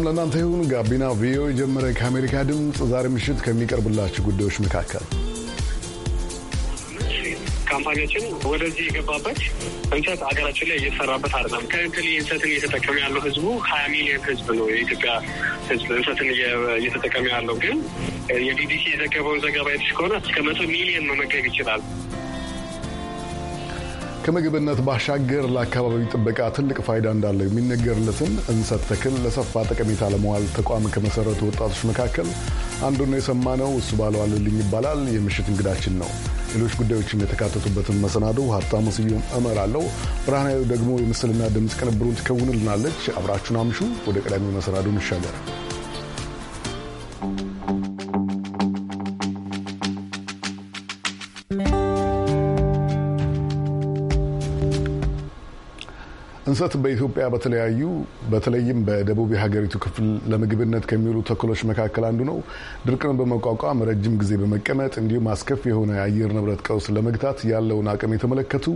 ሰላም ለእናንተ ይሁን። ጋቢና ቪኦኤ ጀመረ። ከአሜሪካ ድምፅ ዛሬ ምሽት ከሚቀርብላችሁ ጉዳዮች መካከል ካምፓኒዎችን ወደዚህ የገባበት እንሰት ሀገራችን ላይ እየተሰራበት አይደለም። ከንክል እንሰትን እየተጠቀመ ያለው ህዝቡ ሀያ ሚሊዮን ህዝብ ነው። የኢትዮጵያ ህዝብ እንሰትን እየተጠቀመ ያለው ግን የቢቢሲ የዘገበውን ዘገባ የተሽ ከሆነ እስከ መቶ ሚሊዮን መመገብ ይችላል። ከምግብነት ባሻገር ለአካባቢ ጥበቃ ትልቅ ፋይዳ እንዳለው የሚነገርለትን እንሰት ተክል ለሰፋ ጠቀሜታ ለመዋል ተቋም ከመሰረቱ ወጣቶች መካከል አንዱን የሰማነው እሱ ባለዋልልኝ ይባላል የምሽት እንግዳችን ነው። ሌሎች ጉዳዮችም የተካተቱበትን መሰናዶ ሀብታሙ ስዩም እመራለሁ። ብርሃናዊ ደግሞ የምስልና ድምፅ ቅንብሩን ትከውንልናለች። አብራችሁን አምሹ። ወደ ቀዳሚ መሰናዶ እንሻገር። እንሰት በኢትዮጵያ በተለያዩ በተለይም በደቡብ የሀገሪቱ ክፍል ለምግብነት ከሚውሉ ተክሎች መካከል አንዱ ነው። ድርቅን በመቋቋም ረጅም ጊዜ በመቀመጥ እንዲሁም አስከፊ የሆነ የአየር ንብረት ቀውስ ለመግታት ያለውን አቅም የተመለከቱ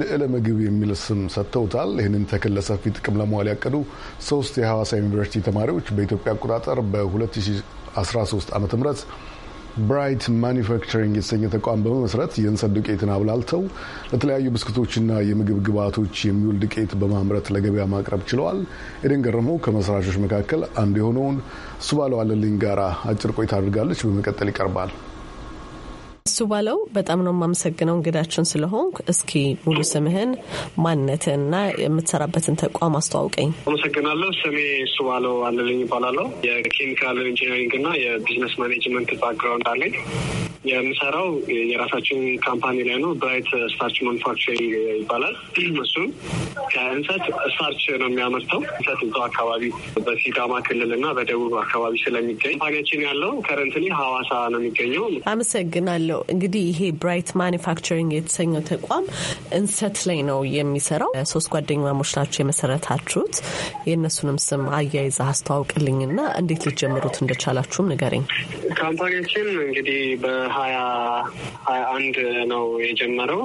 ልዕለ ምግብ የሚል ስም ሰጥተውታል። ይህንን ተክል ለሰፊ ጥቅም ለመዋል ያቀዱ ሶስት የሐዋሳ ዩኒቨርሲቲ ተማሪዎች በኢትዮጵያ አቆጣጠር በ2013 ዓ.ም ብራይት ማኒፋክቸሪንግ የተሰኘ ተቋም በመመስረት የእንሰት ዱቄትን አብላልተው ለተለያዩ ብስኩቶችና የምግብ ግብዓቶች የሚውል ዱቄት በማምረት ለገበያ ማቅረብ ችለዋል። ኤደን ገረመው ከመስራቾች መካከል አንዱ የሆነውን እሱ ባለው አለልኝ ጋራ አጭር ቆይታ አድርጋለች። በመቀጠል ይቀርባል። እሱ ባለው በጣም ነው የማመሰግነው እንግዳችን ስለሆን እስኪ ሙሉ ስምህን ማንነትንና የምትሰራበትን ተቋም አስተዋውቀኝ። አመሰግናለሁ። ስሜ እሱ ባለው አለልኝ ይባላለሁ። የኬሚካል ኢንጂነሪንግና እና የቢዝነስ ማኔጅመንት ባክግራውንድ አለኝ። የምሰራው የራሳችን ካምፓኒ ላይ ነው። ብራይት ስታርች ማኑፋክቸሪ ይባላል። እሱም ከእንሰት ስታርች ነው የሚያመርተው። እንሰት እዛው አካባቢ በሲዳማ ክልል እና በደቡብ አካባቢ ስለሚገኝ ካምፓኒያችን ያለው ከረንትሊ ሀዋሳ ነው የሚገኘው። አመሰግናለሁ። እንግዲህ ይሄ ብራይት ማኒፋክቸሪንግ የተሰኘው ተቋም እንሰት ላይ ነው የሚሰራው። ሶስት ጓደኛሞች ናቸው የመሰረታችሁት። የእነሱንም ስም አያይዛ አስተዋውቅልኝና እንዴት ልትጀምሩት እንደቻላችሁም ንገረኝ። ካምፓኒያችን እንግዲህ ሀያ ሀያ አንድ ነው የጀመረው።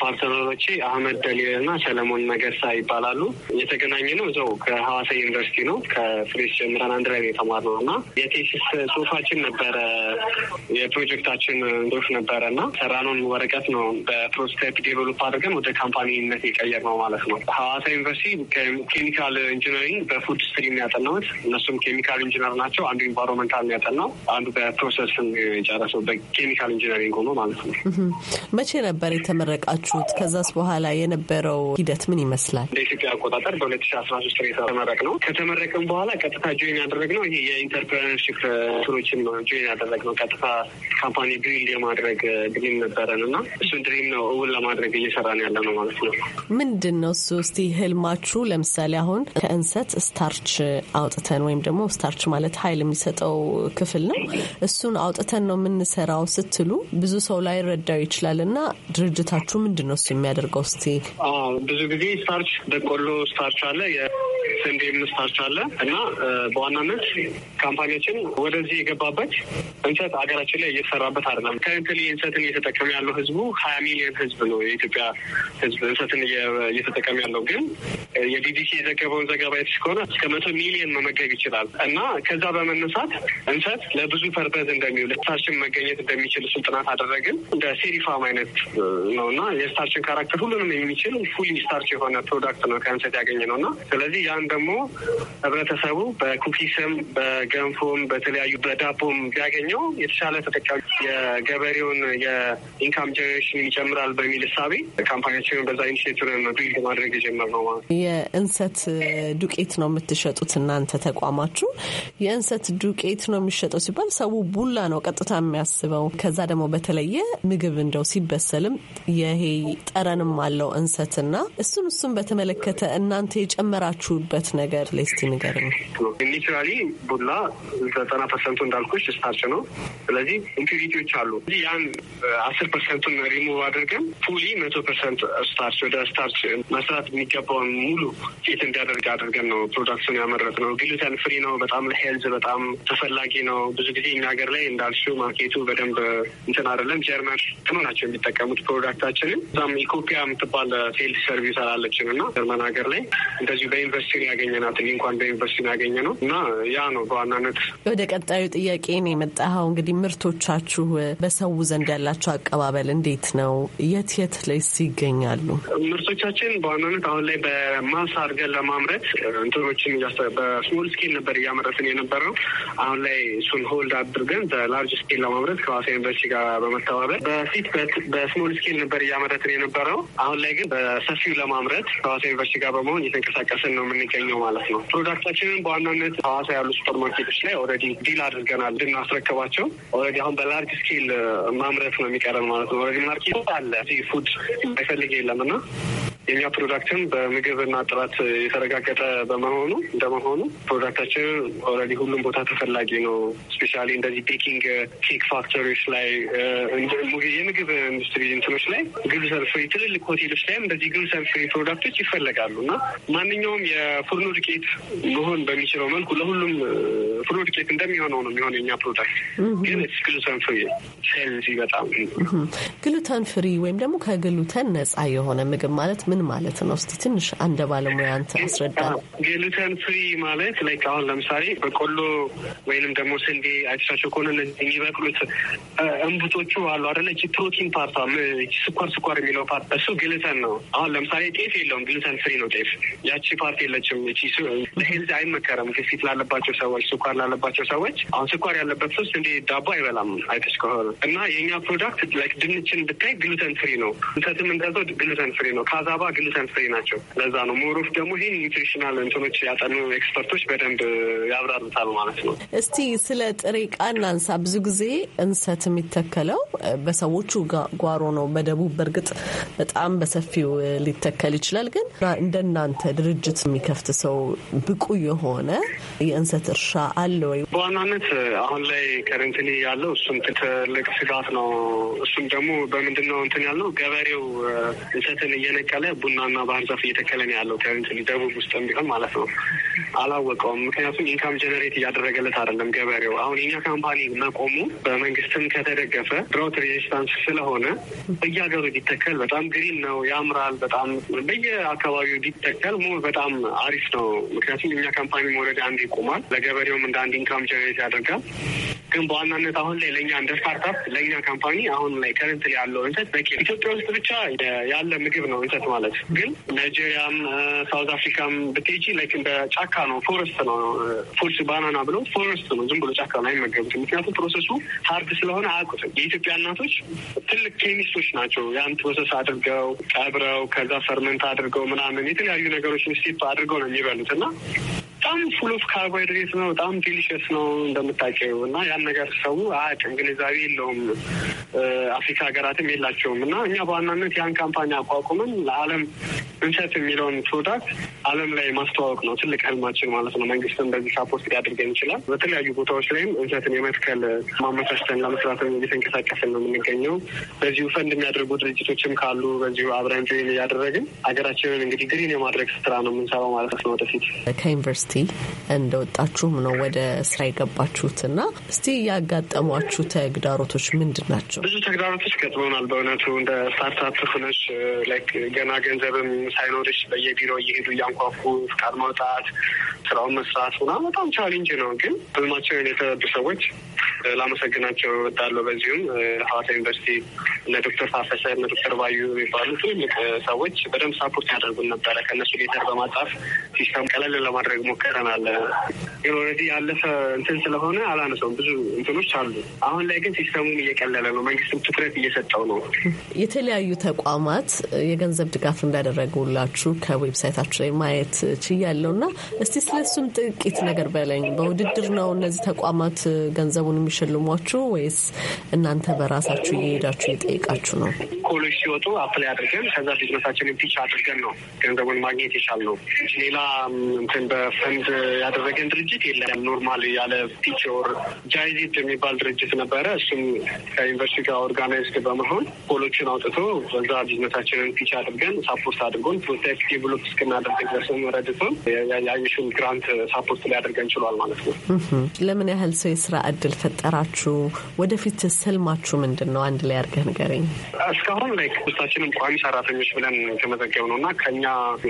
ፓርትነሮቼ አህመድ ደሊል እና ሰለሞን መገርሳ ይባላሉ። የተገናኘ ነው እዛው ከሀዋሳ ዩኒቨርሲቲ ነው። ከፍሬስ ጀምረን አንድ ላይ የተማርነው እና የቴሲስ ጽሁፋችን ነበረ የፕሮጀክታችን እንዶች ነበረ እና ሰራነውን ወረቀት ነው በፕሮቶታይፕ ዴቨሎፕ አድርገን ወደ ካምፓኒነት የቀየር ነው ማለት ነው። ሀዋሳ ዩኒቨርሲቲ ኬሚካል ኢንጂነሪንግ በፉድ ስትሪም ያጠናሁት። እነሱም ኬሚካል ኢንጂነር ናቸው። አንዱ ኢንቫይሮንመንታል ያጠናው፣ አንዱ በፕሮሰስ ጨረሰ። ሰው በኬሚካል ኢንጂነሪንግ ሆኖ ማለት ነው። መቼ ነበር የተመረቃችሁት? ከዛስ በኋላ የነበረው ሂደት ምን ይመስላል? እንደ ኢትዮጵያ አቆጣጠር በሁለት ሺ አስራ ሶስት የተመረቅ ነው። ከተመረቅም በኋላ ቀጥታ ጆይን ያደረግ ነው ይሄ የኢንተርፕረነርሺፕ ስሮችን ጆይን ያደረግ ነው። ቀጥታ ካምፓኒ ቢልድ የማድረግ ድሪም ነበረን እና እሱ ድሪም ነው እውን ለማድረግ እየሰራ ነው ያለ ነው ማለት ነው። ምንድን ነው እሱ እስቲ ህልማችሁ? ለምሳሌ አሁን ከእንሰት ስታርች አውጥተን ወይም ደግሞ ስታርች ማለት ሀይል የሚሰጠው ክፍል ነው። እሱን አውጥተን ነው ምን የምንሰራው ስትሉ ብዙ ሰው ላይ ረዳው ይችላል እና ድርጅታችሁ ምንድን ነው እሱ የሚያደርገው? እስቲ ብዙ ጊዜ ስታርች በቆሎ ስታርች አለ ስንዴ ምስታርች አለ እና በዋናነት ካምፓኒያችን ወደዚህ የገባበት እንሰት ሀገራችን ላይ እየተሰራበት አይደለም። ከንትል እንሰትን እየተጠቀመ ያለው ህዝቡ ሀያ ሚሊዮን ህዝብ ነው። የኢትዮጵያ ህዝብ እንሰትን እየተጠቀመ ያለው ግን የቢቢሲ የዘገበውን ዘገባ የት ከሆነ እስከ መቶ ሚሊዮን መመገብ ይችላል እና ከዛ በመነሳት እንሰት ለብዙ ፐርፐዝ እንደሚውል ስታርችን መገኘት እንደሚችል ስልጥናት አደረግን። እንደ ሴሪፋም አይነት ነው እና የስታርችን ካራክተር ሁሉንም የሚችል ፉሊ ስታርች የሆነ ፕሮዳክት ነው ከእንሰት ያገኘ ነው እና ስለዚህ ያ አሁን ደግሞ ህብረተሰቡ በኩኪስም በገንፎም በተለያዩ በዳቦም ቢያገኘው የተሻለ ተጠቃሚ የገበሬውን የኢንካም ጀኔሬሽን ይጨምራል በሚል እሳቤ ካምፓኒያችንን በዛ ኢኒሽቲቭን ቢልድ ማድረግ የጀመርነው ማለት ነው። የእንሰት ዱቄት ነው የምትሸጡት እናንተ ተቋማችሁ። የእንሰት ዱቄት ነው የሚሸጠው ሲባል ሰው ቡላ ነው ቀጥታ የሚያስበው። ከዛ ደግሞ በተለየ ምግብ እንደው ሲበሰልም ይሄ ጠረንም አለው እንሰትና እሱን እሱን በተመለከተ እናንተ የጨመራችሁ? የምትሰሩበት ነገር ሌስቲ እስቲ ነው። ሊትራሊ ቡላ ዘጠና ፐርሰንቱ እንዳልኩሽ ስታርች ነው። ስለዚህ ኢምፒሪቲዎች አሉ። ያን አስር ፐርሰንቱን ሪሙቭ አድርገን ፉሊ መቶ ፐርሰንት ስታርች ወደ ስታርች መስራት የሚገባውን ሙሉ ፊት እንዲያደርግ አድርገን ነው ፕሮዳክቱን ያመረጥ ነው። ግሉተን ፍሪ ነው። በጣም ለሄልዝ በጣም ተፈላጊ ነው። ብዙ ጊዜ እኛ ሀገር ላይ እንዳልሽው ማርኬቱ በደንብ እንትን አይደለም። ጀርመን ነው ናቸው የሚጠቀሙት ፕሮዳክታችንን። እዛም ኢኮፒያ የምትባል ሴልስ ሰርቪስ አላለችን እና ጀርመን ሀገር ላይ እንደዚሁ በዩኒቨርሲቲ ነው ያገኘናት። እንኳን በዩኒቨርሲቲ ነው ያገኘ ነው እና ያ ነው በዋናነት። ወደ ቀጣዩ ጥያቄ ነው የመጣኸው። እንግዲህ ምርቶቻችሁ በሰው ዘንድ ያላቸው አቀባበል እንዴት ነው? የት የት ላይስ ይገኛሉ? ምርቶቻችን በዋናነት አሁን ላይ በማስ አድርገን ለማምረት እንትኖችን በስሞል ስኬል ነበር እያመረትን የነበረው። አሁን ላይ እሱን ሆልድ አድርገን በላርጅ ስኬል ለማምረት ከሀዋሳ ዩኒቨርሲቲ ጋር በመተባበር በፊት በስሞል ስኬል ነበር እያመረትን የነበረው። አሁን ላይ ግን በሰፊው ለማምረት ከሀዋሳ ዩኒቨርሲቲ ጋር በመሆን እየተንቀሳቀስን ነው የምንገ የሚገኘው ማለት ነው። ፕሮዳክታችንን በዋናነት ሀዋሳ ያሉ ሱፐር ማርኬቶች ላይ ኦልሬዲ ዲል አድርገናል እንድናስረክባቸው። ኦልሬዲ አሁን በላርጅ ስኬል ማምረት ነው የሚቀረን ማለት ነው። ኦልሬዲ ማርኬት አለ ፉድ አይፈልግ የለም እና የኛ ፕሮዳክትም በምግብና ጥራት የተረጋገጠ በመሆኑ እንደመሆኑ ፕሮዳክታችን ኦልሬዲ ሁሉም ቦታ ተፈላጊ ነው። ስፔሻሊ እንደዚህ ቤኪንግ፣ ኬክ ፋክተሪዎች ላይ የምግብ ኢንዱስትሪ እንትኖች ላይ ግብሰብ ፍሪ ትልልቅ ሆቴሎች ላይም እንደዚህ ግብሰብ ፍሪ ፕሮዳክቶች ይፈለጋሉ እና ማንኛውም ፉርኖ ዱቄት መሆን በሚችለው መልኩ ለሁሉም ፉርኖ ዱቄት እንደሚሆነው ነው የሚሆነ የኛ ፕሮዳክት ግን ግሉተን ፍሪ ሄልዚ በጣም ግሉተን ፍሪ ወይም ደግሞ ከግሉተን ነጻ የሆነ ምግብ ማለት ምን ማለት ነው? እስቲ ትንሽ አንደ ባለሙያ አንተ አስረዳ። ግሉተን ፍሪ ማለት ላይክ አሁን ለምሳሌ በቆሎ ወይንም ደግሞ ስንዴ አይተሳቸው ከሆነ እነዚህ የሚበቅሉት እንቡቶቹ አሉ አይደለ? ፕሮቲን ፓርቷ ስኳር ስኳር የሚለው ፓርት እሱ ግሉተን ነው። አሁን ለምሳሌ ጤፍ የለውም፣ ግሉተን ፍሪ ነው ጤፍ። ያቺ ፓርት የለች ናቸው። ቺሱ ለሄልዝ አይመከረም። ግፊት ላለባቸው ሰዎች፣ ስኳር ላለባቸው ሰዎች አሁን ስኳር ያለበት ሶስት እንዲ ዳቦ አይበላም አይተሽ ከሆነ እና የኛ ፕሮዳክት ላይክ ድንችን ብታይ ግሉተን ፍሪ ነው። እንሰትም እንደዛው ግሉተን ፍሪ ነው። ካዛባ ግሉተን ፍሪ ናቸው። ለዛ ነው ሞሩፍ ደግሞ ይህን ኒትሪሽናል እንትኖች ያጠኑ ኤክስፐርቶች በደንብ ያብራሩታል ማለት ነው። እስቲ ስለ ጥሬ ዕቃ እናንሳ። ብዙ ጊዜ እንሰት የሚተከለው በሰዎቹ ጓሮ ነው። በደቡብ በእርግጥ በጣም በሰፊው ሊተከል ይችላል። ግን እንደናንተ ድርጅት የሚከፍ የሚከፍት ሰው ብቁ የሆነ የእንሰት እርሻ አለ ወይ? በዋናነት አሁን ላይ ከረንትሊ ያለው እሱም ትልቅ ስጋት ነው። እሱም ደግሞ በምንድን ነው እንትን ያለው ገበሬው እንሰትን እየነቀለ ቡናና ባህር ዛፍ እየተከለ ነው ያለው ከረንትሊ ደቡብ ውስጥ ቢሆን ማለት ነው። አላወቀውም። ምክንያቱም ኢንካም ጀነሬት እያደረገለት አይደለም ገበሬው። አሁን የኛ ካምፓኒ መቆሙ በመንግስትም ከተደገፈ ድሮት ሬዚስታንስ ስለሆነ በየሀገሩ ቢተከል በጣም ግሪን ነው፣ ያምራል። በጣም በየአካባቢው ቢተከል ሙ በጣም አሪፍ ነው። ምክንያቱም የኛ ካምፓኒ መውረድ አንድ ይቆማል፣ ለገበሬውም እንደ አንድ ኢንካም ጀነሬት ያደርጋል። ግን በዋናነት አሁን ላይ ለእኛ እንደ ስታርታፕ ለእኛ ካምፓኒ አሁን ላይ ከረንት ያለው እንሰት በቂ ኢትዮጵያ ውስጥ ብቻ ያለ ምግብ ነው እንሰት ማለት ግን ናይጄሪያም ሳውዝ አፍሪካም ብትሄጂ ላይክ እንደ ጫካ ነው ፎረስት ነው ፉድ ባናና ብሎ ፎረስት ነው ዝም ብሎ ጫካ ነው አይመገቡት ምክንያቱም ፕሮሰሱ ሀርድ ስለሆነ አያውቁትም የኢትዮጵያ እናቶች ትልቅ ኬሚስቶች ናቸው ያን ፕሮሰስ አድርገው ቀብረው ከዛ ፈርመንት አድርገው ምናምን የተለያዩ ነገሮች ስቴፕ አድርገው ነው የሚበሉት እና በጣም ፉል ኦፍ ካርቦሃይድሬት ነው። በጣም ዴሊሸስ ነው እንደምታውቂው እና ያን ነገር ሰው አያውቅም፣ ግንዛቤ የለውም። አፍሪካ ሀገራትም የላቸውም እና እኛ በዋናነት ያን ካምፓኒ አቋቁመን ለዓለም እንሰት የሚለውን ፕሮዳክት ዓለም ላይ ማስተዋወቅ ነው ትልቅ ህልማችን ማለት ነው። መንግስትም በዚህ ሳፖርት ሊያደርገን ይችላል። በተለያዩ ቦታዎች ላይም እንሰትን የመትከል ማመቻችተን ለመስራት እየተንቀሳቀስን ነው የምንገኘው። በዚሁ ፈንድ የሚያደርጉ ድርጅቶችም ካሉ በዚሁ አብረን ጆይን እያደረግን ሀገራችንን እንግዲህ ግሪን የማድረግ ስራ ነው የምንሰራው ማለት ነው ወደፊት ዩኒቨርሲቲ እንደወጣችሁም ነው ወደ ስራ የገባችሁት የገባችሁትና እስቲ ያጋጠሟችሁ ተግዳሮቶች ምንድን ናቸው? ብዙ ተግዳሮቶች ገጥመናል። በእውነቱ እንደ ስታርታፕ ሆነች ላይክ ገና ገንዘብም ሳይኖርች በየቢሮ እየሄዱ እያንኳኩ ፍቃድ ማውጣት፣ ስራውን መስራት ሆና በጣም ቻሌንጅ ነው። ግን ህልማቸውን የተረዱ ሰዎች ላመሰግናቸው እወዳለሁ። በዚሁም ሐዋሳ ዩኒቨርሲቲ እነ ዶክተር ታፈሰ እነ ዶክተር ባዩ የሚባሉ ትልልቅ ሰዎች በደንብ ሳፖርት ያደርጉን ነበረ። ከእነሱ ሌተር በማጣፍ ሲስተም ቀለል ለማድረግ ሞክ ሞክረናል። ኦልሬዲ ያለፈ እንትን ስለሆነ አላነሰውም። ብዙ እንትኖች አሉ። አሁን ላይ ግን ሲስተሙም እየቀለለ ነው፣ መንግስትም ትኩረት እየሰጠው ነው። የተለያዩ ተቋማት የገንዘብ ድጋፍ እንዳደረጉላችሁ ከዌብሳይታችሁ ላይ ማየት ችያለው እና እስቲ ስለሱም ጥቂት ነገር በለኝ። በውድድር ነው እነዚህ ተቋማት ገንዘቡን የሚሸልሟችሁ ወይስ እናንተ በራሳችሁ እየሄዳችሁ እየጠየቃችሁ ነው? ኮሌጅ ሲወጡ አፕላይ አድርገን ከዛ ቢዝነሳችንን ፒች አድርገን ነው ገንዘቡን ማግኘት የቻልነው ሌላ እንትን ፋይናንስ ያደረገን ድርጅት የለም። ኖርማል ያለ ፒቸር ጃይዚት የሚባል ድርጅት ነበረ። እሱም ከዩኒቨርሲቲ ጋር ኦርጋናይዝድ በመሆን ፖሎችን አውጥቶ በዛ ቢዝነሳችንን ፒች አድርገን ሳፖርት አድርጎን ፕሮቴክት ዴቨሎፕ እስክናደርግ ድረስም ረድቶን የአይሽን ግራንት ሳፖርት ሊያደርገን ችሏል ማለት ነው። ለምን ያህል ሰው የስራ እድል ፈጠራችሁ? ወደፊት ስልማችሁ ምንድን ነው? አንድ ላይ አድርገህ ንገረኝ። እስካሁን ላይ ውስታችንም ቋሚ ሰራተኞች ብለን የተመዘገብ ነው እና ከኛ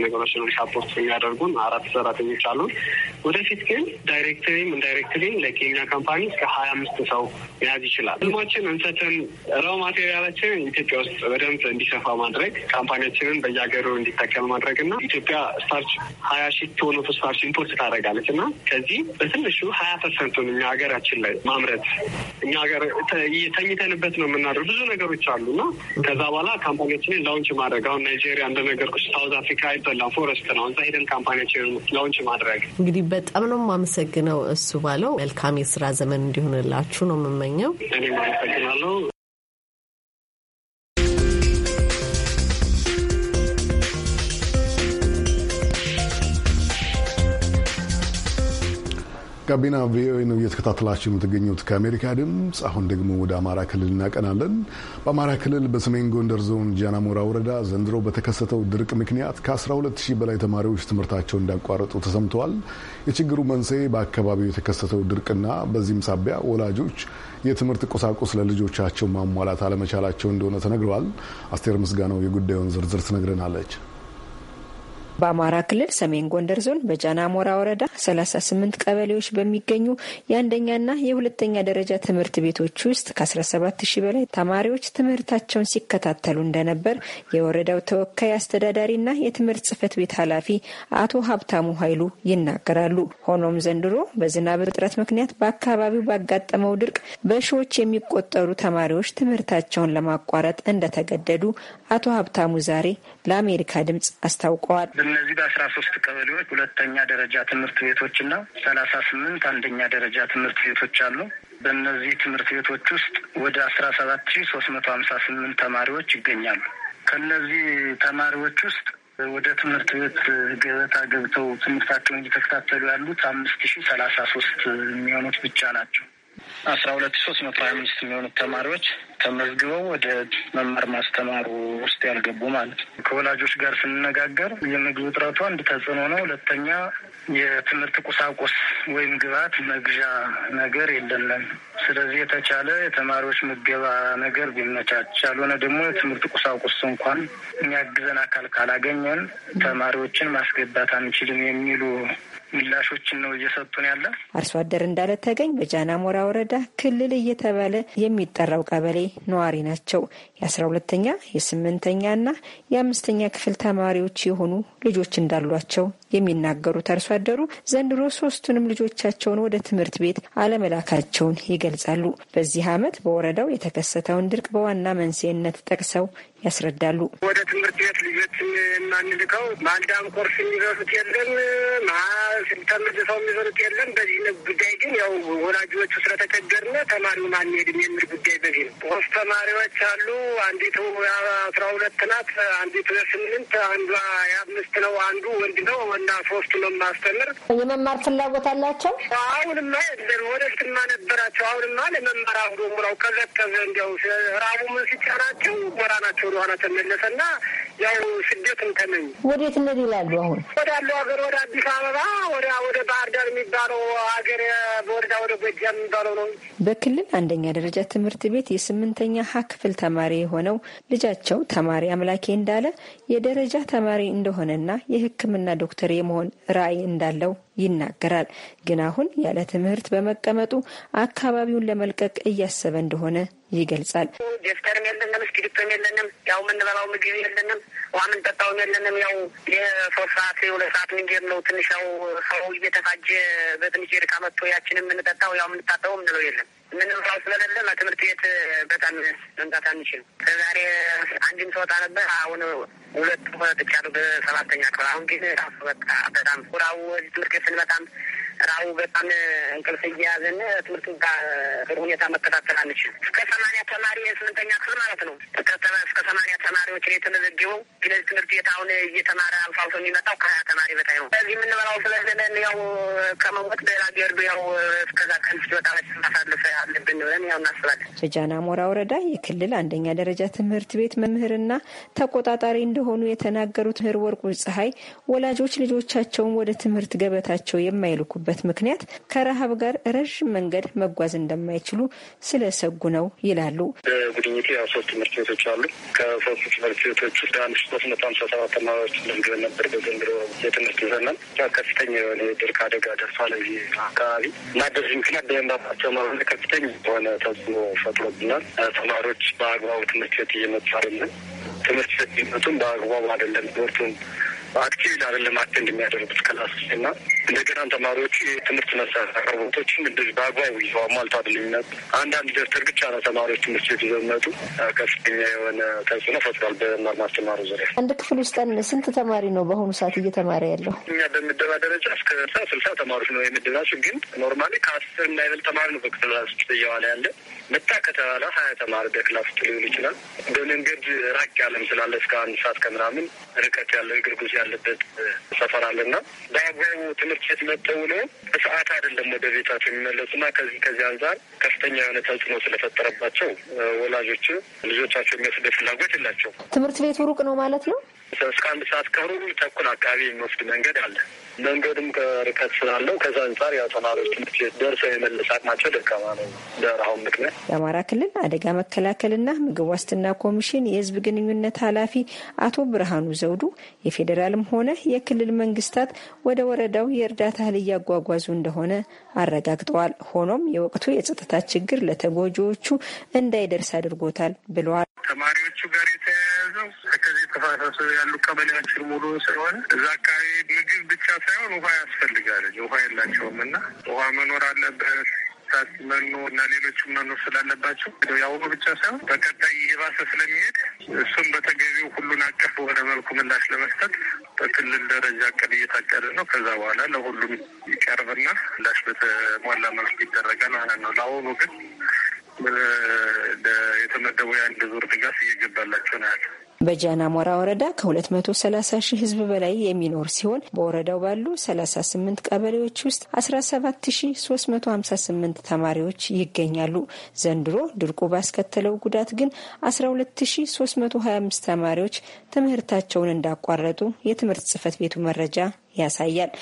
ነገሮች ሳፖርት የሚያደርጉን አራት ሰራተኞች አሉ። ወደፊት ግን ዳይሬክትሪም ኢንዳይሬክትሪም ለኬኛ ካምፓኒ እስከ ሀያ አምስት ሰው መያዝ ይችላል። ህልማችን እንሰትን ረው ማቴሪያላችንን ኢትዮጵያ ውስጥ በደንብ እንዲሰፋ ማድረግ ካምፓኒያችንን በየሀገሩ እንዲጠቀም ማድረግ እና ኢትዮጵያ ስታርች ሀያ ሺ ቶን ኦፍ ስታርች ኢምፖርት ታደርጋለች እና ከዚህ በትንሹ ሀያ ፐርሰንቱን እኛ ሀገራችን ላይ ማምረት እኛ ሀገር ተኝተንበት ነው የምናደርግ ብዙ ነገሮች አሉ እና ከዛ በኋላ ካምፓኒያችንን ላውንች ማድረግ አሁን ናይጄሪያ እንደነገርኩሽ ሳውዝ አፍሪካ አይበላም ፎረስት ነው እዛ ሄደን ካምፓኒያችንን ላውንች ማድረግ እንግዲህ በጣም ነው የማመሰግነው። እሱ ባለው መልካም የስራ ዘመን እንዲሆንላችሁ ነው የምመኘው። እኔም አመሰግናለሁ። ጋቢና ቪኦኤ ነው እየተከታተላችሁ የምትገኙት ከአሜሪካ ድምፅ። አሁን ደግሞ ወደ አማራ ክልል እናቀናለን። በአማራ ክልል በሰሜን ጎንደር ዞን ጃናሞራ ወረዳ ዘንድሮ በተከሰተው ድርቅ ምክንያት ከ12 በላይ ተማሪዎች ትምህርታቸውን እንዳቋረጡ ተሰምተዋል። የችግሩ መንስኤ በአካባቢው የተከሰተው ድርቅና በዚህም ሳቢያ ወላጆች የትምህርት ቁሳቁስ ለልጆቻቸው ማሟላት አለመቻላቸው እንደሆነ ተነግረዋል። አስቴር ምስጋናው የጉዳዩን ዝርዝር ትነግረናለች። በአማራ ክልል ሰሜን ጎንደር ዞን በጃናሞራ ወረዳ 38 ቀበሌዎች በሚገኙ የአንደኛና የሁለተኛ ደረጃ ትምህርት ቤቶች ውስጥ ከ17 ሺ በላይ ተማሪዎች ትምህርታቸውን ሲከታተሉ እንደነበር የወረዳው ተወካይ አስተዳዳሪና የትምህርት ጽህፈት ቤት ኃላፊ አቶ ሀብታሙ ኃይሉ ይናገራሉ። ሆኖም ዘንድሮ በዝናብ እጥረት ምክንያት በአካባቢው ባጋጠመው ድርቅ በሺዎች የሚቆጠሩ ተማሪዎች ትምህርታቸውን ለማቋረጥ እንደተገደዱ አቶ ሀብታሙ ዛሬ ለአሜሪካ ድምጽ አስታውቀዋል። በእነዚህ በአስራ ሶስት ቀበሌዎች ሁለተኛ ደረጃ ትምህርት ቤቶችና ሰላሳ ስምንት አንደኛ ደረጃ ትምህርት ቤቶች አሉ። በእነዚህ ትምህርት ቤቶች ውስጥ ወደ አስራ ሰባት ሺ ሶስት መቶ ሀምሳ ስምንት ተማሪዎች ይገኛሉ። ከእነዚህ ተማሪዎች ውስጥ ወደ ትምህርት ቤት ገበታ ገብተው ትምህርታቸውን እየተከታተሉ ያሉት አምስት ሺ ሰላሳ ሶስት የሚሆኑት ብቻ ናቸው። አስራ ሁለት ሺ ሶስት መቶ ሀያ አምስት የሚሆኑት ተማሪዎች ተመዝግበው ወደ መማር ማስተማሩ ውስጥ ያልገቡ ማለት ነው። ከወላጆች ጋር ስንነጋገር የምግብ እጥረቱ አንድ ተጽዕኖ ነው። ሁለተኛ የትምህርት ቁሳቁስ ወይም ግብዓት መግዣ ነገር የለንም። ስለዚህ የተቻለ የተማሪዎች ምገባ ነገር ቢመቻች፣ ያልሆነ ደግሞ የትምህርት ቁሳቁስ እንኳን የሚያግዘን አካል ካላገኘን ተማሪዎችን ማስገባት አንችልም የሚሉ ምላሾችን ነው እየሰጡን ያለ። አርሶ አደር እንዳለ ተገኝ በጃና ሞራ ወረዳ ክልል እየተባለ የሚጠራው ቀበሌ ነዋሪ ናቸው። የአስራ ሁለተኛ የስምንተኛ ና የአምስተኛ ክፍል ተማሪዎች የሆኑ ልጆች እንዳሏቸው የሚናገሩት አርሶ አደሩ ዘንድሮ ሶስቱንም ልጆቻቸውን ወደ ትምህርት ቤት አለመላካቸውን ይገልጻሉ። በዚህ ዓመት በወረዳው የተከሰተውን ድርቅ በዋና መንስኤነት ጠቅሰው ያስረዳሉ። ወደ ትምህርት ቤት ልጆች የማንልከው ማልዳም ኮርስ የሚበሉት የለም፣ ሰው የሚበሉት የለም። በዚህ ጉዳይ ግን ያው ወላጆቹ ስለተቸገርን ተማሪው አንሄድም የሚል ጉዳይ በዚህ ነው። ሶስት ተማሪዎች አሉ። አንዲቱ አስራ ሁለት ናት፣ አንዲቱ የስምንት አንዷ የአምስት ነው። አንዱ ወንድ ነው እና ሶስቱ ነው ማስተምር። የመማር ፍላጎት አላቸው። አሁንማ የለን ወደፊትማ ነበራቸው። አሁንማ ለመማር አሁዶ ሙራው ቀዘቀዘ። እንዲያው ራቡ ምን ሲጫናቸው ወራ ናቸው ወደ ወደኋላ ተመለሰና ያው ስደትን ተመኝ ወዴት እንሂድ ይላሉ። አሁን ወዳለው ሀገር ወደ አዲስ አበባ ወደ ወደ ባህር ዳር የሚባለው ሀገር በወረዳ ወደ ጎጃም የሚባለው ነው። በክልል አንደኛ ደረጃ ትምህርት ቤት የስምንተኛ ሀ ክፍል ተማሪ የሆነው ልጃቸው ተማሪ አምላኬ እንዳለ የደረጃ ተማሪ እንደሆነና የሕክምና ዶክተር የመሆን ራዕይ እንዳለው ይናገራል። ግን አሁን ያለ ትምህርት በመቀመጡ አካባቢውን ለመልቀቅ እያሰበ እንደሆነ ይገልጻል። ደብተርም የለንም፣ እስክሪፕቶም የለንም፣ ያው የምንበላው ምግብ የለንም፣ ውሃ የምንጠጣውም የለንም። ያው የሶስት ሰዓት የሁለት ሰዓት ምንጌር ነው። ትንሽ ያው ሰው እየተፋጀ በትንሽ ርቃ መጥቶ ያችንም የምንጠጣው ያው የምንታጠበው ምንለው የለም ምንም ሰው ስለሌለ ለትምህርት ቤት በጣም መምጣት አንችልም። ከዛሬ አንድም ሰወጣ ነበር። አሁን ሁለቱ ወጥቻለሁ በሰባተኛ ክፍል። አሁን ግን ራሱ በቃ በጣም ቁራው ትምህርት ቤት ስንመጣም ራቡ በጣም እንቅልፍ እየያዘን ትምህርት ጥሩ ሁኔታ መከታተል አንችል። እስከ ሰማንያ ተማሪ የስምንተኛ ክፍል ማለት ነው እስከ ሰማንያ ተማሪዎች ነው የተመዘገበው። ስለዚህ ትምህርት ቤት አሁን እየተማረ አልፎ አልፎ የሚመጣው ከሀያ ተማሪ በታይ ነው። ስለዚህ የምንበላው ስለሌለን ያው ከመሞት በላ ገርዱ ያው እስከዛ ቀን ሲወጣ ማሳለፍ አለብን ብለን ያው እናስባለን። በጃና ሞራ ወረዳ የክልል አንደኛ ደረጃ ትምህርት ቤት መምህርና ተቆጣጣሪ እንደሆኑ የተናገሩት ምህር ወርቁ ፀሐይ ወላጆች ልጆቻቸውን ወደ ትምህርት ገበታቸው የማይልኩበት የሆነበት ምክንያት ከረሃብ ጋር ረዥም መንገድ መጓዝ እንደማይችሉ ስለሰጉ ነው ይላሉ። በጉድኝቴ ያው ሶስት ትምህርት ቤቶች አሉ። ከሶስት ትምህርት ቤቶች ውስጥ አንድ ሶስት መቶ ሃምሳ ሰባት ተማሪዎች መዝግበን ነበር። በዘንድሮ የትምህርት ዘመን ከፍተኛ የሆነ የድርቅ አደጋ ደርሷል እዚህ አካባቢ እና በዚህ ምክንያት በመንባባቸው መሆን ከፍተኛ የሆነ ተጽዕኖ ፈጥሮብናል። ተማሪዎች በአግባቡ ትምህርት ቤት እየመጡ አይደለም። ትምህርት ቤት ሊመጡም በአግባቡ አይደለም ትምህርቱን አክቲቭ አይደለም አቴንድ የሚያደርጉት ክላስ እና እንደገና ተማሪዎቹ የትምህርት መሳሪያ አቅርቦቶችን እንደዚህ በአግባቡ ይዘው አሟልቶ አይደለም የሚመጡ። አንዳንድ ደብተር ብቻ ነው ተማሪዎች ትምህርት ቤት ይዘው የሚመጡ። ከፍተኛ የሆነ ተጽዕኖ ፈጥሯል በመማር ማስተማሩ ዙሪያ። አንድ ክፍል ውስጥ ስንት ተማሪ ነው በአሁኑ ሰዓት እየተማረ ያለው? እኛ በምደባ ደረጃ እስከ ሳ ስልሳ ተማሪዎች ነው የምድባቸው ግን ኖርማሊ ከአስር የማይበል ተማሪ ነው በክላስ ውስጥ እየዋለ ያለ መታ ከተባለ ሀያ ተማሪ በክላስ ውስጥ ሊሆን ይችላል። በመንገድ ራቅ ያለም ስላለ እስከ አንድ ሰዓት ከምናምን ርቀት ያለው እግር ጉዞ ያለበት ሰፈር አለና በአግባቡ ትምህርት ቤት መጥተው ነው በሰዓት አይደለም ወደ ቤታቸው የሚመለሱና ከዚህ ከዚህ አንጻር ከፍተኛ የሆነ ተጽዕኖ ስለፈጠረባቸው ወላጆች ልጆቻቸው የሚወስደ ፍላጎት የላቸው። ትምህርት ቤቱ ሩቅ ነው ማለት ነው። እስከ አንድ ሰዓት ከሩብ ተኩል አካባቢ የሚወስድ መንገድ አለ። መንገድም ከርቀት ስላለው ከዛ አንጻር ያው ተማሪዎች ትምህርት ቤት ደርሰው የመለስ አቅማቸው ደካማ ነው። በረሃው ምክንያት የአማራ ክልል አደጋ መከላከልና ምግብ ዋስትና ኮሚሽን የህዝብ ግንኙነት ኃላፊ አቶ ብርሃኑ ዘውዱ የፌዴራልም ሆነ የክልል መንግስታት ወደ ወረዳው የእርዳታ እህል እያጓጓዙ እንደሆነ አረጋግጠዋል። ሆኖም የወቅቱ የጸጥታ ችግር ለተጎጂዎቹ እንዳይደርስ አድርጎታል ብለዋል። ተማሪዎቹ ጋር የተያያዘው ከዚህ ተፋሰሱ ያሉ ቀበሌያችን ሙሉ ስለሆነ እዛ አካባቢ ምግብ ብቻ ሳይሆን ውሃ ያስፈልጋል። ውሃ የላቸውም እና ውሃ መኖር አለበት። ሳት መኖ እና ሌሎች መኖ ስላለባቸው የአሁኑ ብቻ ሳይሆን በቀጣይ እየባሰ ስለሚሄድ እሱም በተገቢው ሁሉን አቀፍ በሆነ መልኩ ምላሽ ለመስጠት በክልል ደረጃ እቅድ እየታቀደ ነው። ከዛ በኋላ ለሁሉም ይቀርብና ምላሽ በተሟላ መልኩ ይደረጋል ማለት ነው። ለአሁኑ ግን የተመደበው የአንድ ዙር ድጋፍ እየገባላቸው ነው ያለ። በጃናሞራ ወረዳ ከ230 ሺህ ህዝብ በላይ የሚኖር ሲሆን በወረዳው ባሉ 38 ቀበሌዎች ውስጥ 17358 ተማሪዎች ይገኛሉ። ዘንድሮ ድርቁ ባስከተለው ጉዳት ግን 12325 ተማሪዎች ትምህርታቸውን እንዳቋረጡ የትምህርት ጽህፈት ቤቱ መረጃ ያሳያል።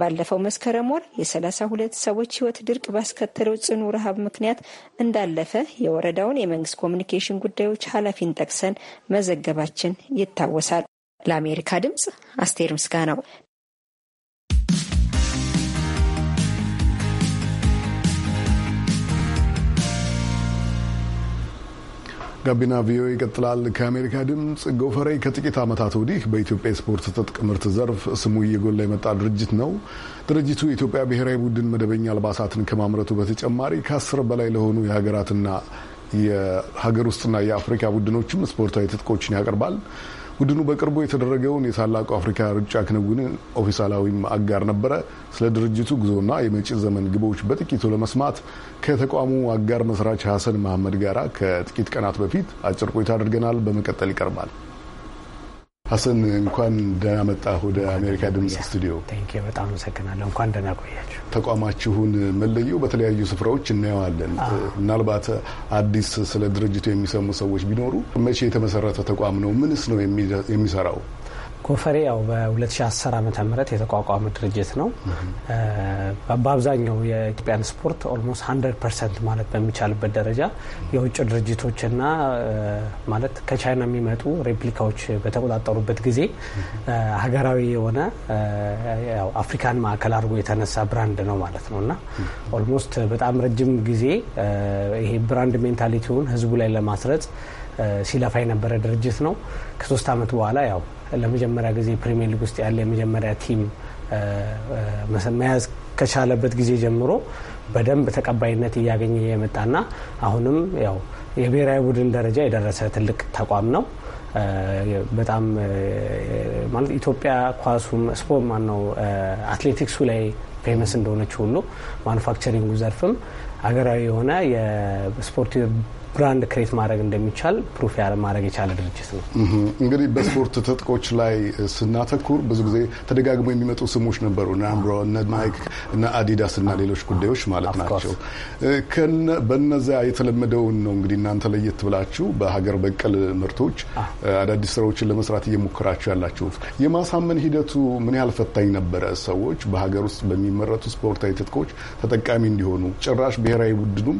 ባለፈው መስከረም ወር የሰላሳ ሁለት ሰዎች ህይወት ድርቅ ባስከተለው ጽኑ ረሃብ ምክንያት እንዳለፈ የወረዳውን የመንግስት ኮሚኒኬሽን ጉዳዮች ኃላፊን ጠቅሰን መዘገባችን ይታወሳል። ለአሜሪካ ድምጽ አስቴር ምስጋናው ጋቢና ቪኦኤ ይቀጥላል። ከአሜሪካ ድምፅ ጎፈሬ ከጥቂት ዓመታት ወዲህ በኢትዮጵያ የስፖርት ትጥቅ ምርት ዘርፍ ስሙ እየጎላ የመጣ ድርጅት ነው። ድርጅቱ የኢትዮጵያ ብሔራዊ ቡድን መደበኛ አልባሳትን ከማምረቱ በተጨማሪ ከአስር በላይ ለሆኑ የሀገራትና የሀገር ውስጥና የአፍሪካ ቡድኖችም ስፖርታዊ ትጥቆችን ያቀርባል። ቡድኑ በቅርቡ የተደረገውን የታላቁ አፍሪካ ሩጫ ክንውን ኦፊሳላዊም አጋር ነበረ። ስለ ድርጅቱ ጉዞና የመጪ ዘመን ግቦች በጥቂቱ ለመስማት ከተቋሙ አጋር መስራች ሀሰን መሐመድ ጋራ ከጥቂት ቀናት በፊት አጭር ቆይታ አድርገናል። በመቀጠል ይቀርባል። ሀሰን እንኳን ደህና መጣ ወደ አሜሪካ ድምፅ ስቱዲዮ። በጣም አመሰግናለሁ። እንኳን ደህና ቆያችሁ። ተቋማችሁን መለየው በተለያዩ ስፍራዎች እናየዋለን። ah. ምናልባት አዲስ ስለ ድርጅቱ የሚሰሙ ሰዎች ቢኖሩ መቼ የተመሰረተ ተቋም ነው? ምንስ ነው የሚሰራው? ኮፈሬ ያው በ2010 ዓ ም የተቋቋመ ድርጅት ነው። በአብዛኛው የኢትዮጵያን ስፖርት ኦልሞስት 100 ፐርሰንት ማለት በሚቻልበት ደረጃ የውጭ ድርጅቶችና ማለት ከቻይና የሚመጡ ሬፕሊካዎች በተቆጣጠሩበት ጊዜ ሀገራዊ የሆነ አፍሪካን ማዕከል አድርጎ የተነሳ ብራንድ ነው ማለት ነው እና ኦልሞስት በጣም ረጅም ጊዜ ይሄ ብራንድ ሜንታሊቲውን ህዝቡ ላይ ለማስረጽ ሲለፋ የነበረ ድርጅት ነው። ከሶስት ዓመት በኋላ ያው ለመጀመሪያ ጊዜ ፕሪሚየር ሊግ ውስጥ ያለ የመጀመሪያ ቲም መያዝ ከቻለበት ጊዜ ጀምሮ በደንብ ተቀባይነት እያገኘ የመጣና አሁንም ያው የብሔራዊ ቡድን ደረጃ የደረሰ ትልቅ ተቋም ነው። በጣም ማለት ኢትዮጵያ ኳሱም ስፖርት ማነው አትሌቲክሱ ላይ ፌመስ እንደሆነች ሁሉ ማኑፋክቸሪንጉ ዘርፍም ሀገራዊ የሆነ የስፖርት ብራንድ ክሬት ማድረግ እንደሚቻል ፕሩፍ ማድረግ የቻለ ድርጅት ነው። እንግዲህ በስፖርት ትጥቆች ላይ ስናተኩር ብዙ ጊዜ ተደጋግሞ የሚመጡ ስሞች ነበሩ፣ እነ አምሮ፣ እነ ናይክ፣ እነ አዲዳስ እና ሌሎች ጉዳዮች ማለት ናቸው። በነዚያ የተለመደውን ነው እንግዲህ እናንተ ለየት ብላችሁ በሀገር በቀል ምርቶች ah. አዳዲስ ስራዎችን ለመስራት እየሞከራችሁ ያላችሁ የማሳመን ሂደቱ ምን ያህል ፈታኝ ነበረ? ሰዎች በሀገር ውስጥ በሚመረቱ ስፖርታዊ ትጥቆች ተጠቃሚ እንዲሆኑ ጭራሽ ብሔራዊ ቡድኑም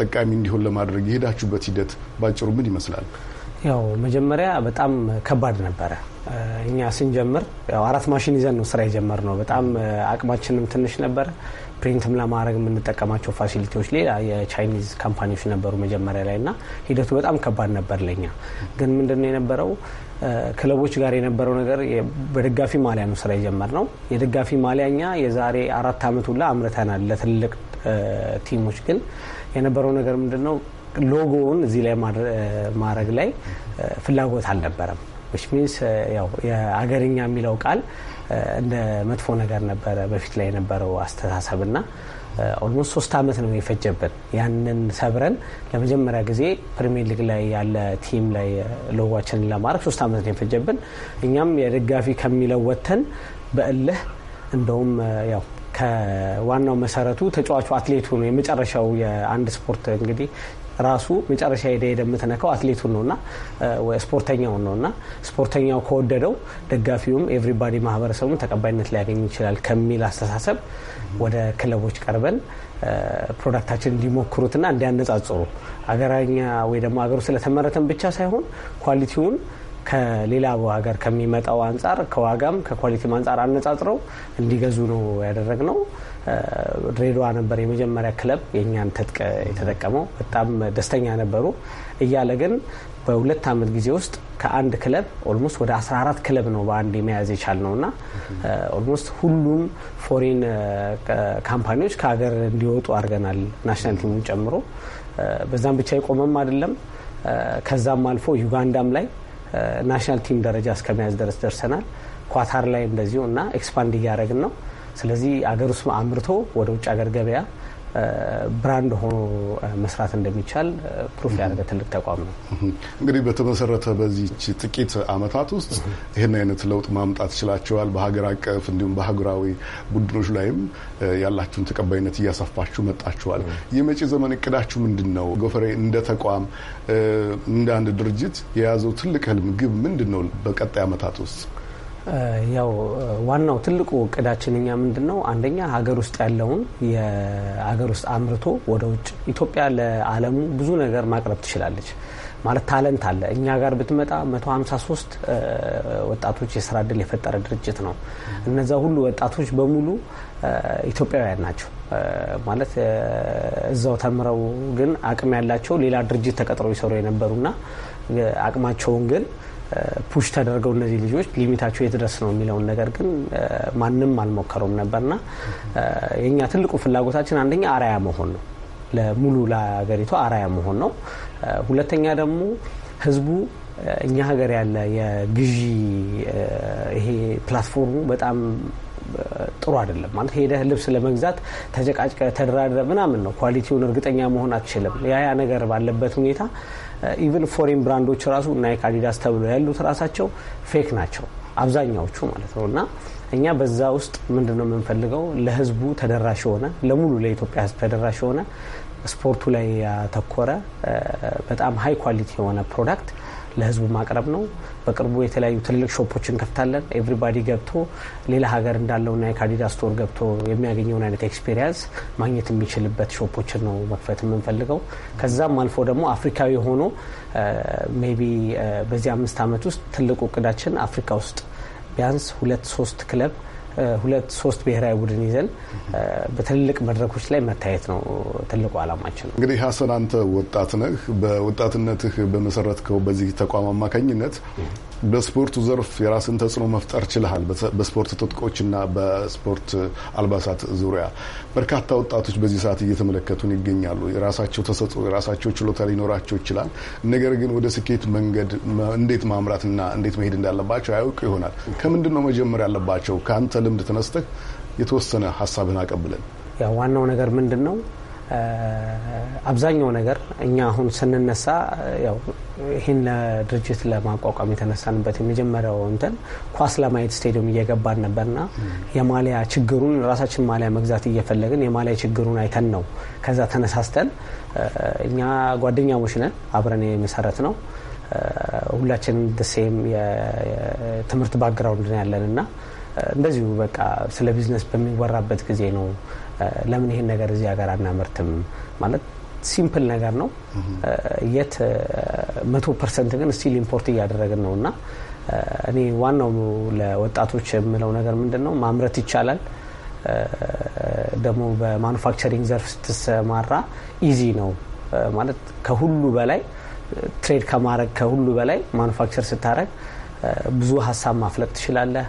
ተጠቃሚ እንዲሆን ለማድረግ የሄዳችሁበት ሂደት ባጭሩ ምን ይመስላል? ያው መጀመሪያ በጣም ከባድ ነበረ። እኛ ስንጀምር ያው አራት ማሽን ይዘን ነው ስራ የጀመር ነው። በጣም አቅማችንም ትንሽ ነበረ። ፕሪንትም ለማድረግ የምንጠቀማቸው ፋሲሊቲዎች ሌላ የቻይኒዝ ካምፓኒዎች ነበሩ መጀመሪያ ላይ እና ሂደቱ በጣም ከባድ ነበር ለኛ። ግን ምንድነው የነበረው ክለቦች ጋር የነበረው ነገር በደጋፊ ማሊያ ነው ስራ የጀመር ነው። የደጋፊ ማሊያ እኛ የዛሬ አራት አመት ሁላ አምርተናል ለትልቅ ቲሞች ግን የነበረው ነገር ምንድን ነው ሎጎውን እዚህ ላይ ማድረግ ላይ ፍላጎት አልነበረም። ዊች ሚንስ ያው የአገርኛ የሚለው ቃል እንደ መጥፎ ነገር ነበረ በፊት ላይ የነበረው አስተሳሰብ ና ኦልሞስት ሶስት አመት ነው የፈጀብን። ያንን ሰብረን ለመጀመሪያ ጊዜ ፕሪሚየር ሊግ ላይ ያለ ቲም ላይ ሎጓችንን ለማድረግ ሶስት አመት ነው የፈጀብን። እኛም የደጋፊ ከሚለው ወጥተን በእልህ እንደውም ያው ከዋናው መሰረቱ ተጫዋቹ አትሌቱ ነው። የመጨረሻው የአንድ ስፖርት እንግዲህ ራሱ መጨረሻ ሄደ ሄደ የምትነካው አትሌቱን ነውና ስፖርተኛውን እና ስፖርተኛው ከወደደው ደጋፊውም ኤቭሪባዲ ማህበረሰቡም ተቀባይነት ሊያገኝ ይችላል ከሚል አስተሳሰብ ወደ ክለቦች ቀርበን ፕሮዳክታችን እንዲሞክሩትና እንዲያነጻጽሩ አገራኛ ወይ ደግሞ አገሩ ስለተመረተን ብቻ ሳይሆን ኳሊቲውን ከሌላ ሀገር ከሚመጣው አንጻር ከዋጋም ከኳሊቲም አንጻር አነጻጽረው እንዲገዙ ነው ያደረግ ነው። ድሬዳዋ ነበር የመጀመሪያ ክለብ የእኛን ትጥቅ የተጠቀመው። በጣም ደስተኛ ነበሩ። እያለ ግን በሁለት አመት ጊዜ ውስጥ ከአንድ ክለብ ኦልሞስት ወደ 14 ክለብ ነው በአንድ የመያዝ የቻል ነው እና ኦልሞስት ሁሉም ፎሬን ካምፓኒዎች ከሀገር እንዲወጡ አድርገናል፣ ናሽናል ቲሙን ጨምሮ። በዛም ብቻ የቆመም አይደለም። ከዛም አልፎ ዩጋንዳም ላይ ናሽናል ቲም ደረጃ እስከመያዝ ድረስ ደርሰናል። ኳታር ላይ እንደዚሁ እና ኤክስፓንድ እያደረግን ነው። ስለዚህ አገር ውስጥ አምርቶ ወደ ውጭ አገር ገበያ ብራንድ ሆኖ መስራት እንደሚቻል ፕሩፍ ያደረገ ትልቅ ተቋም ነው። እንግዲህ በተመሰረተ በዚች ጥቂት አመታት ውስጥ ይህን አይነት ለውጥ ማምጣት ችላቸዋል። በሀገር አቀፍ እንዲሁም በሀገራዊ ቡድኖች ላይም ያላችሁን ተቀባይነት እያሰፋችሁ መጣችኋል። የመጪ ዘመን እቅዳችሁ ምንድን ነው? ጎፈሬ እንደ ተቋም እንደ አንድ ድርጅት የያዘው ትልቅ ህልም ግብ ምንድን ነው በቀጣይ ዓመታት ውስጥ? ያው ዋናው ትልቁ እቅዳችን እኛ ምንድን ነው አንደኛ ሀገር ውስጥ ያለውን የሀገር ውስጥ አምርቶ ወደ ውጭ ኢትዮጵያ ለዓለሙ ብዙ ነገር ማቅረብ ትችላለች። ማለት ታለንት አለ። እኛ ጋር ብትመጣ 153 ወጣቶች የስራ እድል የፈጠረ ድርጅት ነው። እነዛ ሁሉ ወጣቶች በሙሉ ኢትዮጵያውያን ናቸው። ማለት እዛው ተምረው ግን አቅም ያላቸው ሌላ ድርጅት ተቀጥረው ይሰሩ የነበሩና አቅማቸውን ግን ፑሽ ተደርገው እነዚህ ልጆች ሊሚታቸው የት ነው የሚለውን ነገር ግን ማንም አልሞከረውም ነበርና የእኛ ትልቁ ፍላጎታችን አንደኛ አርአያ መሆን ነው፣ ለሙሉ ለሀገሪቱ አርአያ መሆን ነው። ሁለተኛ ደግሞ ህዝቡ እኛ ሀገር ያለ የግዢ ይሄ ፕላትፎርሙ በጣም ጥሩ አይደለም። ማለት ሄደህ ልብስ ለመግዛት ተጨቃጭቀ ተደራድረ ምናምን ነው ኳሊቲውን እርግጠኛ መሆን አትችልም። ያ ያ ነገር ባለበት ሁኔታ ኢቭን ፎሬን ብራንዶች ራሱ ናይክ አዲዳስ ተብሎ ያሉት ራሳቸው ፌክ ናቸው አብዛኛዎቹ ማለት ነው እና እኛ በዛ ውስጥ ምንድን ነው የምንፈልገው ለህዝቡ ተደራሽ የሆነ ለሙሉ ለኢትዮጵያ ህዝብ ተደራሽ የሆነ ስፖርቱ ላይ ያተኮረ በጣም ሀይ ኳሊቲ የሆነ ፕሮዳክት ለህዝቡ ማቅረብ ነው። በቅርቡ የተለያዩ ትልልቅ ሾፖችን ከፍታለን። ኤቭሪባዲ ገብቶ ሌላ ሀገር እንዳለውና የካዲዳ ስቶር ገብቶ የሚያገኘውን አይነት ኤክስፔሪንስ ማግኘት የሚችልበት ሾፖችን ነው መክፈት የምንፈልገው። ከዛም አልፎ ደግሞ አፍሪካዊ ሆኖ ሜይ ቢ በዚህ አምስት ዓመት ውስጥ ትልቁ እቅዳችን አፍሪካ ውስጥ ቢያንስ ሁለት ሶስት ክለብ ሁለት ሶስት ብሔራዊ ቡድን ይዘን በትልልቅ መድረኮች ላይ መታየት ነው ትልቁ ዓላማችን ነው። እንግዲህ ሀሰን አንተ ወጣት ነህ። በወጣትነትህ በመሰረትከው በዚህ ተቋም አማካኝነት በስፖርቱ ዘርፍ የራስን ተጽዕኖ መፍጠር ችልሃል። በስፖርት ትጥቆችና በስፖርት አልባሳት ዙሪያ በርካታ ወጣቶች በዚህ ሰዓት እየተመለከቱን ይገኛሉ። የራሳቸው ተሰጥኦ የራሳቸው ችሎታ ሊኖራቸው ይችላል። ነገር ግን ወደ ስኬት መንገድ እንዴት ማምራትና እንዴት መሄድ እንዳለባቸው አያውቁ ይሆናል። ከምንድን ነው መጀመር ያለባቸው? ከአንተ ልምድ ተነስተህ የተወሰነ ሀሳብህን አቀብለን። ያው ዋናው ነገር ምንድን ነው? አብዛኛው ነገር እኛ አሁን ስንነሳ ያው ይህን ድርጅት ለማቋቋም የተነሳንበት የመጀመሪያው እንትን ኳስ ለማየት ስቴዲየም እየገባን ነበርና የማሊያ ችግሩን ራሳችን ማሊያ መግዛት እየፈለግን የማሊያ ችግሩን አይተን ነው። ከዛ ተነሳስተን እኛ ጓደኛሞች ነን፣ አብረን የመሰረት ነው። ሁላችንም ደሴም የትምህርት ባክግራውንድ ነው ያለን እና እንደዚሁ በቃ ስለ ቢዝነስ በሚወራበት ጊዜ ነው ለምን ይሄን ነገር እዚህ ሀገር አናመርትም ማለት ሲምፕል ነገር ነው። የት መቶ ፐርሰንት ግን ስቲል ኢምፖርት እያደረግን ነው እና እኔ ዋናው ለወጣቶች የምለው ነገር ምንድን ነው፣ ማምረት ይቻላል። ደግሞ በማኑፋክቸሪንግ ዘርፍ ስትሰማራ ኢዚ ነው ማለት ከሁሉ በላይ ትሬድ ከማድረግ ከሁሉ በላይ ማኑፋክቸር ስታደረግ ብዙ ሀሳብ ማፍለቅ ትችላለህ።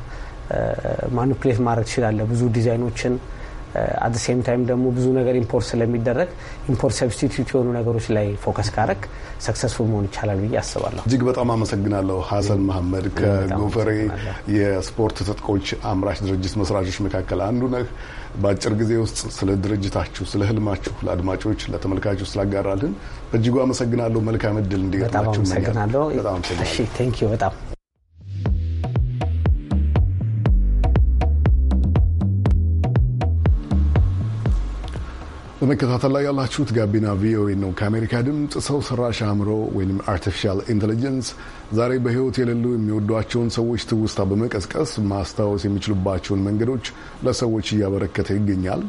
ማኒፕሌት ማድረግ ትችላለህ ብዙ ዲዛይኖችን አት ሴም ታይም ደግሞ ብዙ ነገር ኢምፖርት ስለሚደረግ ኢምፖርት ሰብስቲቱት የሆኑ ነገሮች ላይ ፎከስ ካረግ ሰክሰስፉል መሆን ይቻላል ብዬ አስባለሁ። እጅግ በጣም አመሰግናለሁ ሀሰን መሀመድ። ከጎፈሬ የስፖርት ትጥቆች አምራች ድርጅት መስራቾች መካከል አንዱ ነህ። በአጭር ጊዜ ውስጥ ስለ ድርጅታችሁ፣ ስለ ህልማችሁ ለአድማጮች ለተመልካቾች ስላጋራልን በእጅጉ አመሰግናለሁ። መልካም እድል እንዲገጥማችሁ። በጣም አመሰግናለሁ። በጣም በመከታተል ላይ ያላችሁት ጋቢና ቪኦኤ ነው። ከአሜሪካ ድምፅ ሰው ሰራሽ አእምሮ ወይም አርቲፊሻል ኢንቴሊጀንስ ዛሬ በሕይወት የሌሉ የሚወዷቸውን ሰዎች ትውስታ በመቀስቀስ ማስታወስ የሚችሉባቸውን መንገዶች ለሰዎች እያበረከተ ይገኛል።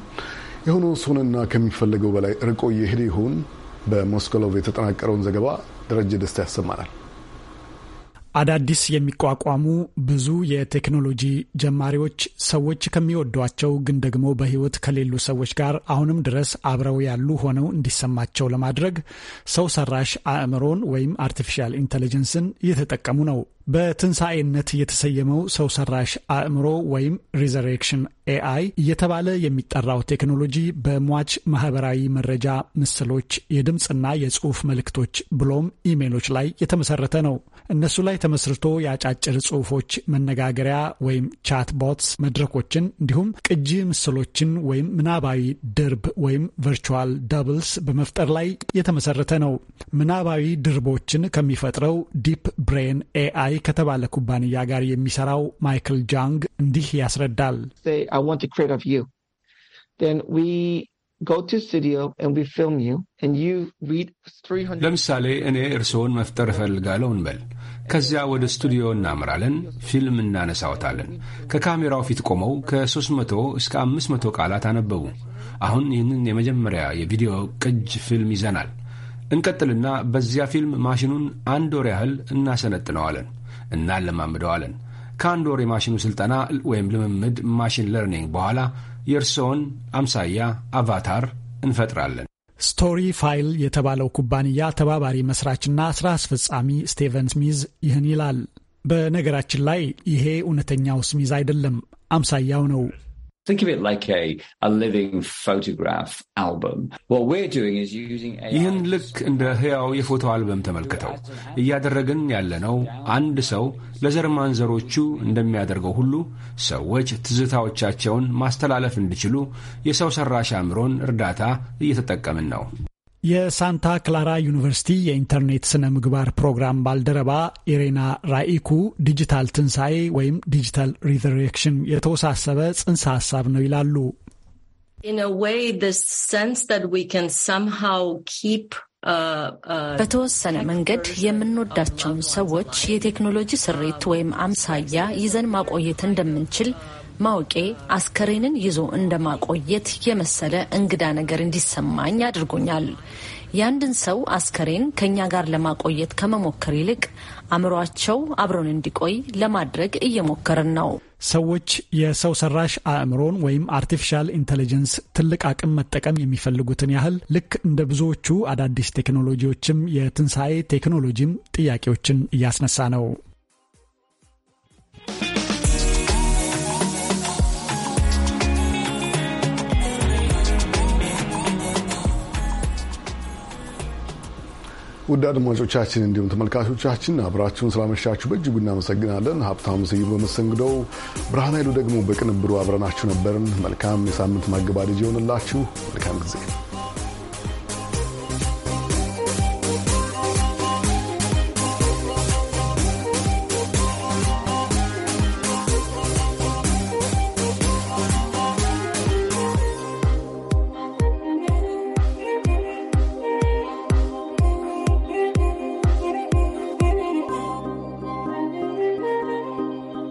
የሆነ እሱንና ከሚፈለገው በላይ ርቆ እየሄደ ይሆን? በሞስኮሎቭ የተጠናቀረውን ዘገባ ደረጀ ደስታ ያሰማናል። አዳዲስ የሚቋቋሙ ብዙ የቴክኖሎጂ ጀማሪዎች ሰዎች ከሚወዷቸው ግን ደግሞ በሕይወት ከሌሉ ሰዎች ጋር አሁንም ድረስ አብረው ያሉ ሆነው እንዲሰማቸው ለማድረግ ሰው ሰራሽ አእምሮን ወይም አርቲፊሻል ኢንቴሊጀንስን እየተጠቀሙ ነው። በትንሣኤነት የተሰየመው ሰው ሰራሽ አእምሮ ወይም ሪዘሬክሽን ኤአይ እየተባለ የሚጠራው ቴክኖሎጂ በሟች ማህበራዊ መረጃ ምስሎች፣ የድምፅና የጽሑፍ መልእክቶች ብሎም ኢሜሎች ላይ የተመሰረተ ነው። እነሱ ላይ ተመስርቶ የአጫጭር ጽሁፎች መነጋገሪያ ወይም ቻትቦትስ መድረኮችን እንዲሁም ቅጂ ምስሎችን ወይም ምናባዊ ድርብ ወይም ቨርቹዋል ደብልስ በመፍጠር ላይ የተመሰረተ ነው። ምናባዊ ድርቦችን ከሚፈጥረው ዲፕ ብሬን ኤአይ ከተባለ ኩባንያ ጋር የሚሰራው ማይክል ጃንግ እንዲህ ያስረዳል። ለምሳሌ እኔ እርስዎን መፍጠር እፈልጋለሁ እንበል። ከዚያ ወደ ስቱዲዮ እናምራለን፣ ፊልም እናነሳውታለን። ከካሜራው ፊት ቆመው ከ300 እስከ 500 ቃላት አነበቡ። አሁን ይህንን የመጀመሪያ የቪዲዮ ቅጅ ፊልም ይዘናል። እንቀጥልና በዚያ ፊልም ማሽኑን አንድ ወር ያህል እናሰነጥነዋለን፣ እናለማምደዋለን። ከአንድ ወር የማሽኑ ሥልጠና ወይም ልምምድ ማሽን ለርኒንግ በኋላ የእርስዎን አምሳያ አቫታር እንፈጥራለን። ስቶሪ ፋይል የተባለው ኩባንያ ተባባሪ መስራችና ስራ አስፈጻሚ ስቴቨን ስሚዝ ይህን ይላል። በነገራችን ላይ ይሄ እውነተኛው ስሚዝ አይደለም፣ አምሳያው ነው። Think of it like a, a living photograph album. What we're doing is using AI ይህን ልክ እንደ ሕያው የፎቶ አልበም ተመልክተው እያደረግን ያለነው አንድ ሰው ለዘር ማንዘሮቹ እንደሚያደርገው ሁሉ ሰዎች ትዝታዎቻቸውን ማስተላለፍ እንዲችሉ የሰው ሰራሽ አእምሮን እርዳታ እየተጠቀምን ነው። የሳንታ ክላራ ዩኒቨርሲቲ የኢንተርኔት ስነ ምግባር ፕሮግራም ባልደረባ ኢሬና ራኢኩ ዲጂታል ትንሣኤ ወይም ዲጂታል ሪዘሬክሽን የተወሳሰበ ጽንሰ ሀሳብ ነው ይላሉ። uh, uh, በተወሰነ መንገድ የምንወዳቸውን ሰዎች የቴክኖሎጂ ስሪት ወይም አምሳያ ይዘን ማቆየት እንደምንችል ማወቄ አስከሬንን ይዞ እንደማቆየት የመሰለ እንግዳ ነገር እንዲሰማኝ አድርጎኛል። የአንድን ሰው አስከሬን ከእኛ ጋር ለማቆየት ከመሞከር ይልቅ አእምሯቸው አብሮን እንዲቆይ ለማድረግ እየሞከርን ነው። ሰዎች የሰው ሰራሽ አእምሮን ወይም አርቲፊሻል ኢንቴሊጀንስ ትልቅ አቅም መጠቀም የሚፈልጉትን ያህል ልክ እንደ ብዙዎቹ አዳዲስ ቴክኖሎጂዎችም የትንሣኤ ቴክኖሎጂም ጥያቄዎችን እያስነሳ ነው። ውድ አድማጮቻችን እንዲሁም ተመልካቾቻችን አብራችሁን ስላመሻችሁ በእጅጉ እናመሰግናለን። ሀብታሙ ስዩ በመሰንግዶው፣ ብርሃን ኃይሉ ደግሞ በቅንብሩ አብረናችሁ ነበርን። መልካም የሳምንት ማገባደጅ የሆንላችሁ። መልካም ጊዜ